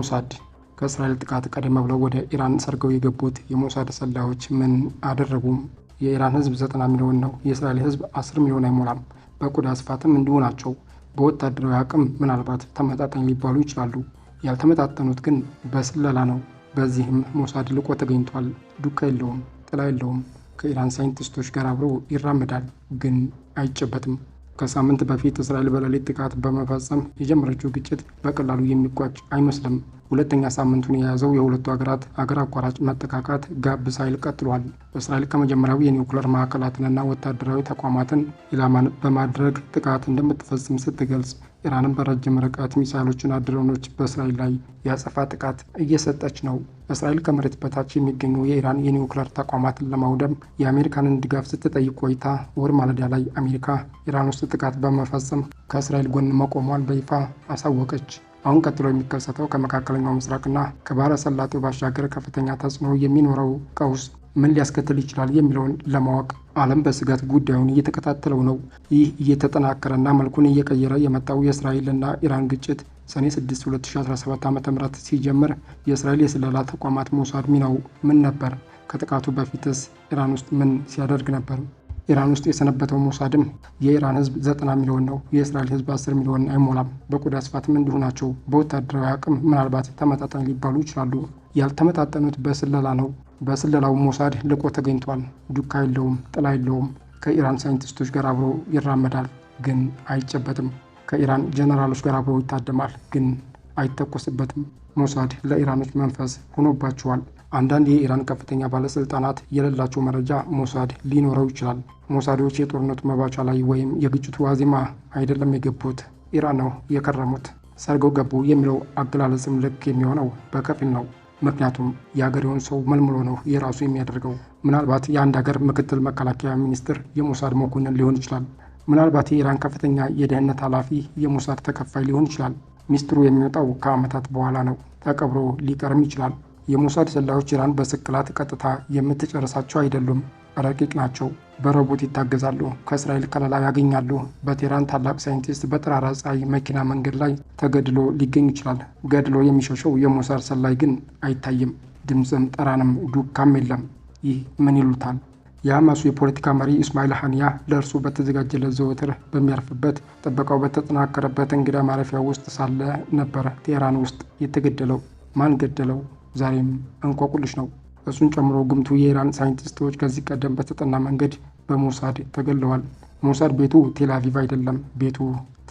ሞሳድ ከእስራኤል ጥቃት ቀደም ብለው ወደ ኢራን ሰርገው የገቡት የሞሳድ ሰላዮች ምን አደረጉም? የኢራን ህዝብ ዘጠና ሚሊዮን ነው። የእስራኤል ህዝብ 10 ሚሊዮን አይሞላም። በቆዳ ስፋትም እንዲሁ ናቸው። በወታደራዊ አቅም ምናልባት ተመጣጣኝ ሊባሉ ይችላሉ። ያልተመጣጠኑት ግን በስለላ ነው። በዚህም ሞሳድ ልቆ ተገኝቷል። ዱካ የለውም፣ ጥላ የለውም። ከኢራን ሳይንቲስቶች ጋር አብሮ ይራመዳል፣ ግን አይጨበጥም። ከሳምንት በፊት እስራኤል በሌሊት ጥቃት በመፈጸም የጀመረችው ግጭት በቀላሉ የሚቋጭ አይመስልም። ሁለተኛ ሳምንቱን የያዘው የሁለቱ ሀገራት አገር አቋራጭ መጠቃቃት ጋብ ሳይል ቀጥሏል። እስራኤል ከመጀመሪያው የኒውክለር ማዕከላትንና ወታደራዊ ተቋማትን ኢላማን በማድረግ ጥቃት እንደምትፈጽም ስትገልጽ፣ ኢራንም በረጅም ርቀት ሚሳይሎችና ድሮኖች በእስራኤል ላይ የአጸፋ ጥቃት እየሰጠች ነው። እስራኤል ከመሬት በታች የሚገኙ የኢራን የኒውክለር ተቋማትን ለማውደም የአሜሪካንን ድጋፍ ስትጠይቅ ቆይታ ወር ማለዳ ላይ አሜሪካ ኢራን ውስጥ ጥቃት በመፈጸም ከእስራኤል ጎን መቆሟን በይፋ አሳወቀች። አሁን ቀጥሎ የሚከሰተው ከመካከለኛው ምስራቅና ከባህረ ሰላጤው ባሻገር ከፍተኛ ተጽዕኖ የሚኖረው ቀውስ ምን ሊያስከትል ይችላል የሚለውን ለማወቅ ዓለም በስጋት ጉዳዩን እየተከታተለው ነው። ይህ እየተጠናከረና መልኩን እየቀየረ የመጣው የእስራኤልና ኢራን ግጭት ሰኔ 6 2017 ዓ ም ሲጀምር የእስራኤል የስለላ ተቋማት ሞሳድ ሚናው ምን ነበር? ከጥቃቱ በፊትስ ኢራን ውስጥ ምን ሲያደርግ ነበር? ኢራን ውስጥ የሰነበተው ሞሳድም የኢራን ህዝብ ዘጠና ሚሊዮን ነው፣ የእስራኤል ህዝብ 10 ሚሊዮን አይሞላም። በቆዳ ስፋትም እንዲሁ ናቸው። በወታደራዊ አቅም ምናልባት ተመጣጣኝ ሊባሉ ይችላሉ። ያልተመጣጠኑት በስለላ ነው። በስለላው ሞሳድ ልቆ ተገኝቷል። ዱካ የለውም፣ ጥላ የለውም። ከኢራን ሳይንቲስቶች ጋር አብሮ ይራመዳል፣ ግን አይጨበጥም። ከኢራን ጀነራሎች ጋር አብሮ ይታደማል፣ ግን አይተኮስበትም። ሞሳድ ለኢራኖች መንፈስ ሆኖባቸዋል። አንዳንድ የኢራን ከፍተኛ ባለስልጣናት የሌላቸው መረጃ ሞሳድ ሊኖረው ይችላል። ሞሳዶች የጦርነቱ መባቻ ላይ ወይም የግጭቱ ዋዜማ አይደለም የገቡት፣ ኢራን ነው የከረሙት። ሰርገው ገቡ የሚለው አገላለጽም ልክ የሚሆነው በከፊል ነው። ምክንያቱም የአገሬውን ሰው መልምሎ ነው የራሱ የሚያደርገው። ምናልባት የአንድ ሀገር ምክትል መከላከያ ሚኒስትር የሞሳድ መኮንን ሊሆን ይችላል። ምናልባት የኢራን ከፍተኛ የደህንነት ኃላፊ የሞሳድ ተከፋይ ሊሆን ይችላል። ሚስጥሩ የሚወጣው ከዓመታት በኋላ ነው። ተቀብሮ ሊቀርም ይችላል። የሞሳድ ሰላዮች ኢራን በስቅላት ቀጥታ የምትጨርሳቸው አይደሉም። ረቂቅ ናቸው። በሮቦት ይታገዛሉ። ከእስራኤል ከለላ ያገኛሉ። በቴህራን ታላቅ ሳይንቲስት በጠራራ ፀሐይ መኪና መንገድ ላይ ተገድሎ ሊገኝ ይችላል። ገድሎ የሚሸሸው የሞሳድ ሰላይ ግን አይታይም። ድምፅም ጠራንም ዱካም የለም። ይህ ምን ይሉታል? የሐማሱ የፖለቲካ መሪ ኢስማኤል ሀኒያ ለእርሱ በተዘጋጀለት ዘወትር በሚያርፍበት ጥበቃው በተጠናከረበት እንግዳ ማረፊያ ውስጥ ሳለ ነበረ ቴህራን ውስጥ የተገደለው። ማን ገደለው? ዛሬም እንቆቅልሽ ነው። እሱን ጨምሮ ግምቱ የኢራን ሳይንቲስቶች ከዚህ ቀደም በተጠና መንገድ በሞሳድ ተገለዋል። ሞሳድ ቤቱ ቴላቪቭ አይደለም፣ ቤቱ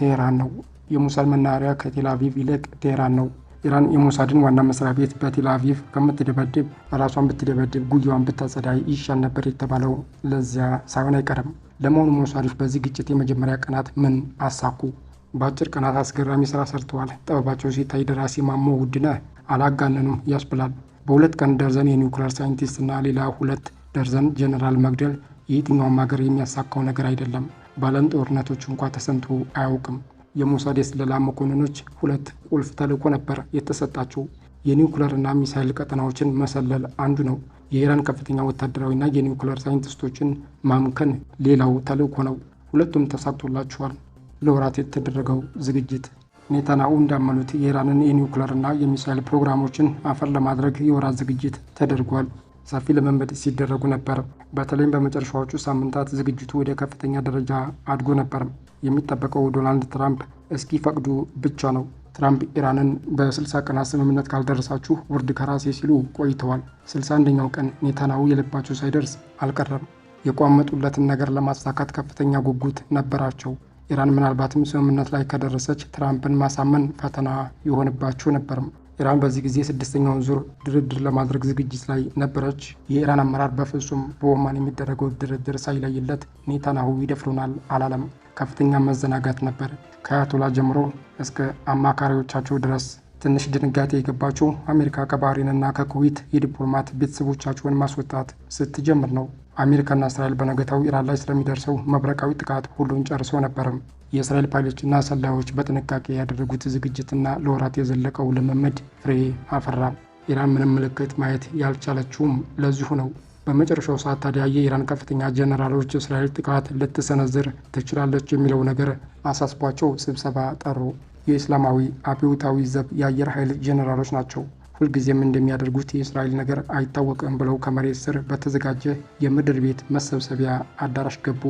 ቴህራን ነው። የሞሳድ መናኸሪያ ከቴላቪቭ ይለቅ ይልቅ ቴህራን ነው። ኢራን የሞሳድን ዋና መስሪያ ቤት በቴል አቪቭ ከምትደበድብ ራሷን ብትደበድብ ጉያዋን ብታጸዳይ ይሻል ነበር የተባለው ለዚያ ሳይሆን አይቀርም። ለመሆኑ ሞሳዶች በዚህ ግጭት የመጀመሪያ ቀናት ምን አሳኩ? በአጭር ቀናት አስገራሚ ስራ ሰርተዋል። ጥበባቸው ሲታይ ደራሲ ማሞ ውድነ አላጋነኑም ያስብላል። በሁለት ቀን ደርዘን የኒውክሌር እና ሌላ ሁለት ደርዘን ጀኔራል መግደል የየትኛውም ሀገር የሚያሳካው ነገር አይደለም። በዓለም ጦርነቶች እንኳ ተሰምቶ አያውቅም። የሞሳድ የስለላ መኮንኖች ሁለት ቁልፍ ተልዕኮ ነበር የተሰጣቸው። የኒውክለርና ሚሳይል ቀጠናዎችን መሰለል አንዱ ነው። የኢራን ከፍተኛ ወታደራዊና የኒውክለር ሳይንቲስቶችን ማምከን ሌላው ተልዕኮ ነው። ሁለቱም ተሳክቶላቸዋል። ለወራት የተደረገው ዝግጅት ኔታንያሁ እንዳመኑት የኢራንን የኒውክለርና የሚሳይል ፕሮግራሞችን አፈር ለማድረግ የወራት ዝግጅት ተደርጓል። ሰፊ ልምምድ ሲደረጉ ነበር። በተለይም በመጨረሻዎቹ ሳምንታት ዝግጅቱ ወደ ከፍተኛ ደረጃ አድጎ ነበር። የሚጠበቀው ዶናልድ ትራምፕ እስኪፈቅዱ ብቻ ነው። ትራምፕ ኢራንን በ60 ቀናት ስምምነት ካልደረሳችሁ ውርድ ከራሴ ሲሉ ቆይተዋል። 61ኛው ቀን ኔታንያሁ የልባቸው ሳይደርስ አልቀረም። የቋመጡለትን ነገር ለማሳካት ከፍተኛ ጉጉት ነበራቸው። ኢራን ምናልባትም ስምምነት ላይ ከደረሰች ትራምፕን ማሳመን ፈተና የሆነባቸው ነበርም። ኢራን በዚህ ጊዜ ስድስተኛውን ዙር ድርድር ለማድረግ ዝግጅት ላይ ነበረች። የኢራን አመራር በፍጹም በኦማን የሚደረገው ድርድር ሳይለይለት ኔታናሁ ይደፍሩናል አላለም። ከፍተኛ መዘናጋት ነበር። ከአያቶላ ጀምሮ እስከ አማካሪዎቻቸው ድረስ ትንሽ ድንጋጤ የገባቸው አሜሪካ ከባህሬንና ከኩዌት የዲፕሎማት ቤተሰቦቻቸውን ማስወጣት ስትጀምር ነው። አሜሪካና እስራኤል በነገታው ኢራን ላይ ስለሚደርሰው መብረቃዊ ጥቃት ሁሉን ጨርሶ ነበርም። የእስራኤል ፓይሎችና ሰላዮች በጥንቃቄ ያደረጉት ዝግጅትና ለወራት የዘለቀው ልምምድ ፍሬ አፈራ። ኢራን ምንም ምልክት ማየት ያልቻለችውም ለዚሁ ነው። በመጨረሻው ሰዓት ታዲያ የኢራን ከፍተኛ ጀነራሎች እስራኤል ጥቃት ልትሰነዝር ትችላለች የሚለው ነገር አሳስቧቸው ስብሰባ ጠሩ። የእስላማዊ አብዮታዊ ዘብ የአየር ኃይል ጀኔራሎች ናቸው። ሁልጊዜም እንደሚያደርጉት የእስራኤል ነገር አይታወቅም ብለው ከመሬት ስር በተዘጋጀ የምድር ቤት መሰብሰቢያ አዳራሽ ገቡ።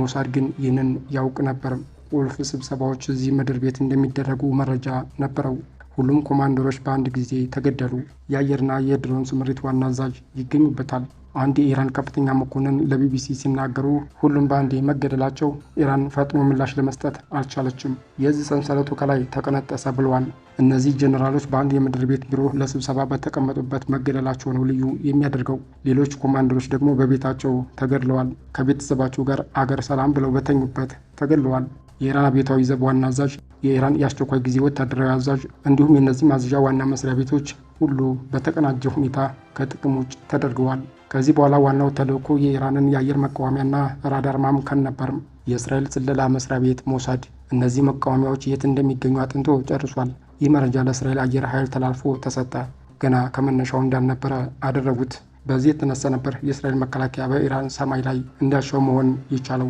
ሞሳድ ግን ይህንን ያውቅ ነበር። ቁልፍ ስብሰባዎች እዚህ ምድር ቤት እንደሚደረጉ መረጃ ነበረው። ሁሉም ኮማንደሮች በአንድ ጊዜ ተገደሉ። የአየርና የድሮን ስምሪት ዋና አዛዥ ይገኙበታል። አንድ የኢራን ከፍተኛ መኮንን ለቢቢሲ ሲናገሩ ሁሉም በአንዴ መገደላቸው ኢራን ፈጥኖ ምላሽ ለመስጠት አልቻለችም፣ የእዝ ሰንሰለቱ ከላይ ተቀነጠሰ ብለዋል። እነዚህ ጀኔራሎች በአንድ የምድር ቤት ቢሮ ለስብሰባ በተቀመጡበት መገደላቸው ነው ልዩ የሚያደርገው። ሌሎች ኮማንደሮች ደግሞ በቤታቸው ተገድለዋል፣ ከቤተሰባቸው ጋር አገር ሰላም ብለው በተኙበት ተገድለዋል። የኢራን አብዮታዊ ዘብ ዋና አዛዥ፣ የኢራን የአስቸኳይ ጊዜ ወታደራዊ አዛዥ እንዲሁም የእነዚህ ማዘዣ ዋና መስሪያ ቤቶች ሁሉ በተቀናጀ ሁኔታ ከጥቅም ውጭ ተደርገዋል። ከዚህ በኋላ ዋናው ተልዕኮ የኢራንን የአየር መቃወሚያና ራዳር ማምከን ነበርም። የእስራኤል ስለላ መስሪያ ቤት ሞሳድ እነዚህ መቃወሚያዎች የት እንደሚገኙ አጥንቶ ጨርሷል። ይህ መረጃ ለእስራኤል አየር ኃይል ተላልፎ ተሰጠ። ገና ከመነሻው እንዳልነበረ አደረጉት። በዚህ የተነሳ ነበር የእስራኤል መከላከያ በኢራን ሰማይ ላይ እንዳሻው መሆን የቻለው።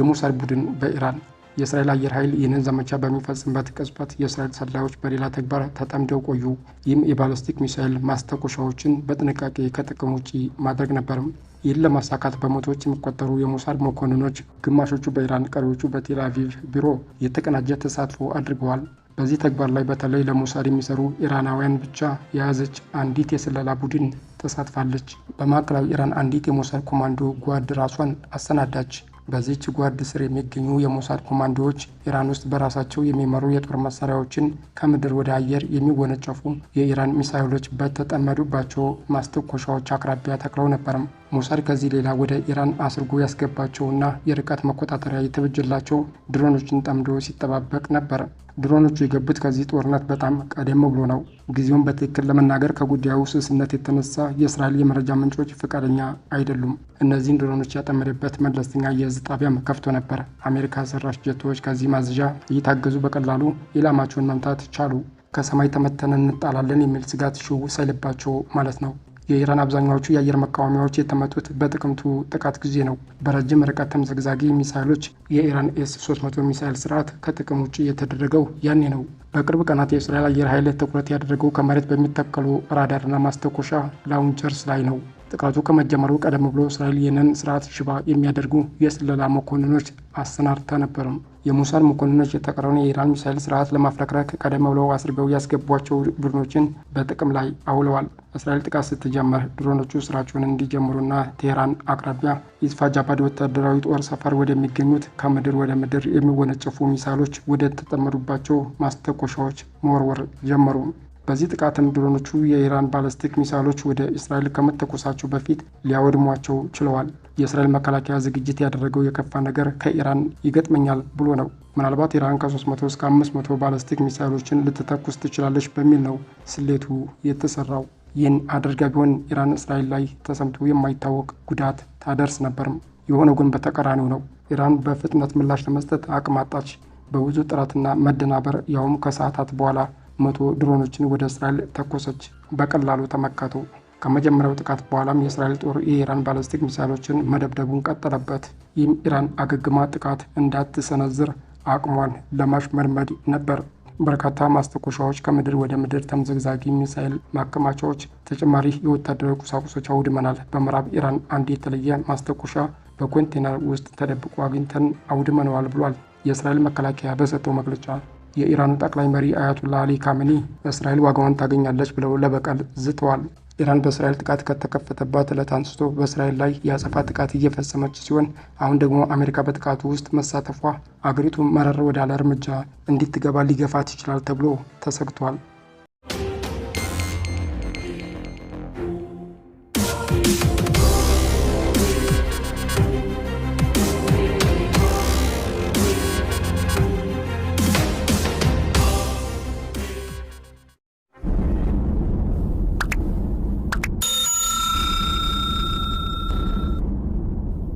የሞሳድ ቡድን በኢራን የእስራኤል አየር ኃይል ይህንን ዘመቻ በሚፈጽምበት ቅጽበት የእስራኤል ሰላዮች በሌላ ተግባር ተጠምደው ቆዩ። ይህም የባለስቲክ ሚሳኤል ማስተኮሻዎችን በጥንቃቄ ከጥቅም ውጪ ማድረግ ነበርም። ይህን ለማሳካት በመቶዎች የሚቆጠሩ የሞሳድ መኮንኖች፣ ግማሾቹ በኢራን ቀሪዎቹ በቴል አቪቭ ቢሮ የተቀናጀ ተሳትፎ አድርገዋል። በዚህ ተግባር ላይ በተለይ ለሞሳድ የሚሰሩ ኢራናውያን ብቻ የያዘች አንዲት የስለላ ቡድን ተሳትፋለች። በማዕከላዊ ኢራን አንዲት የሞሳድ ኮማንዶ ጓድ ራሷን አሰናዳች። በዚህች ጓድ ስር የሚገኙ የሞሳድ ኮማንዶዎች ኢራን ውስጥ በራሳቸው የሚመሩ የጦር መሳሪያዎችን ከምድር ወደ አየር የሚወነጨፉ የኢራን ሚሳይሎች በተጠመዱባቸው ማስተኮሻዎች አቅራቢያ ተክለው ነበርም። ሞሳድ ከዚህ ሌላ ወደ ኢራን አስርጎ ያስገባቸውና የርቀት መቆጣጠሪያ የተበጀላቸው ድሮኖችን ጠምዶ ሲጠባበቅ ነበር። ድሮኖቹ የገቡት ከዚህ ጦርነት በጣም ቀደም ብሎ ነው። ጊዜውን በትክክል ለመናገር ከጉዳዩ ስስነት የተነሳ የእስራኤል የመረጃ ምንጮች ፈቃደኛ አይደሉም። እነዚህን ድሮኖች ያጠመደበት መለስተኛ የእዝ ጣቢያ ከፍቶ ነበር። አሜሪካ ሰራሽ ጀቶች ከዚህ ማዘዣ እየታገዙ በቀላሉ ኢላማቸውን መምታት ቻሉ። ከሰማይ ተመተን እንጣላለን የሚል ስጋት ሽው ሳይልባቸው ማለት ነው። የኢራን አብዛኛዎቹ የአየር መቃወሚያዎች የተመቱት በጥቅምቱ ጥቃት ጊዜ ነው። በረጅም ርቀት ተምዘግዛጊ ሚሳይሎች የኢራን ኤስ 300 ሚሳይል ስርዓት ከጥቅም ውጭ የተደረገው ያኔ ነው። በቅርብ ቀናት የእስራኤል አየር ኃይል ትኩረት ያደረገው ከመሬት በሚተከሉ ራዳርና ማስተኮሻ ላውንቸርስ ላይ ነው። ጥቃቱ ከመጀመሩ ቀደም ብሎ እስራኤል ይህንን ስርዓት ሽባ የሚያደርጉ የስለላ መኮንኖች አሰናድታ ነበርም። የሙሳድ መኮንኖች የተቀረውን የኢራን ሚሳይል ስርዓት ለማፍረክረክ ቀደም ብለው አስርገው ያስገቧቸው ቡድኖችን በጥቅም ላይ አውለዋል። እስራኤል ጥቃት ስትጀመር ድሮኖቹ ስራቸውን እንዲጀምሩና ቴህራን አቅራቢያ ኢስፋጃባድ ወታደራዊ ጦር ሰፈር ወደሚገኙት ከምድር ወደ ምድር የሚወነጨፉ ሚሳይሎች ወደ ተጠመዱባቸው ማስተኮሻዎች መወርወር ጀመሩ። በዚህ ጥቃትም ድሮኖቹ የኢራን ባለስቲክ ሚሳይሎች ወደ እስራኤል ከመተኮሳቸው በፊት ሊያወድሟቸው ችለዋል። የእስራኤል መከላከያ ዝግጅት ያደረገው የከፋ ነገር ከኢራን ይገጥመኛል ብሎ ነው። ምናልባት ኢራን ከ300 እስከ 500 ባለስቲክ ሚሳይሎችን ልትተኩስ ትችላለች በሚል ነው ስሌቱ የተሰራው። ይህን አድርጋ ቢሆን ኢራን እስራኤል ላይ ተሰምቶ የማይታወቅ ጉዳት ታደርስ ነበርም። የሆነው ግን በተቃራኒው ነው። ኢራን በፍጥነት ምላሽ ለመስጠት አቅም አጣች። በብዙ ጥረትና መደናበር ያውም ከሰዓታት በኋላ መቶ ድሮኖችን ወደ እስራኤል ተኮሰች። በቀላሉ ተመከቱ። ከመጀመሪያው ጥቃት በኋላም የእስራኤል ጦር የኢራን ባለስቲክ ሚሳይሎችን መደብደቡን ቀጠለበት። ይህም ኢራን አገግማ ጥቃት እንዳትሰነዝር አቅሟን ለማሽመድመድ ነበር። በርካታ ማስተኮሻዎች ከምድር ወደ ምድር ተምዘግዛጊ ሚሳይል ማከማቻዎች፣ ተጨማሪ የወታደራዊ ቁሳቁሶች አውድመናል። በምዕራብ ኢራን አንድ የተለየ ማስተኮሻ በኮንቴነር ውስጥ ተደብቆ አግኝተን አውድመነዋል ብሏል የእስራኤል መከላከያ በሰጠው መግለጫ። የኢራኑ ጠቅላይ መሪ አያቱላ አሊ ካሚኒ እስራኤል ዋጋዋን ታገኛለች ብለው ለበቀል ዝተዋል። ኢራን በእስራኤል ጥቃት ከተከፈተባት ዕለት አንስቶ በእስራኤል ላይ የአጸፋ ጥቃት እየፈጸመች ሲሆን አሁን ደግሞ አሜሪካ በጥቃቱ ውስጥ መሳተፏ አገሪቱ መረር ወዳለ እርምጃ እንድትገባ ሊገፋት ይችላል ተብሎ ተሰግቷል።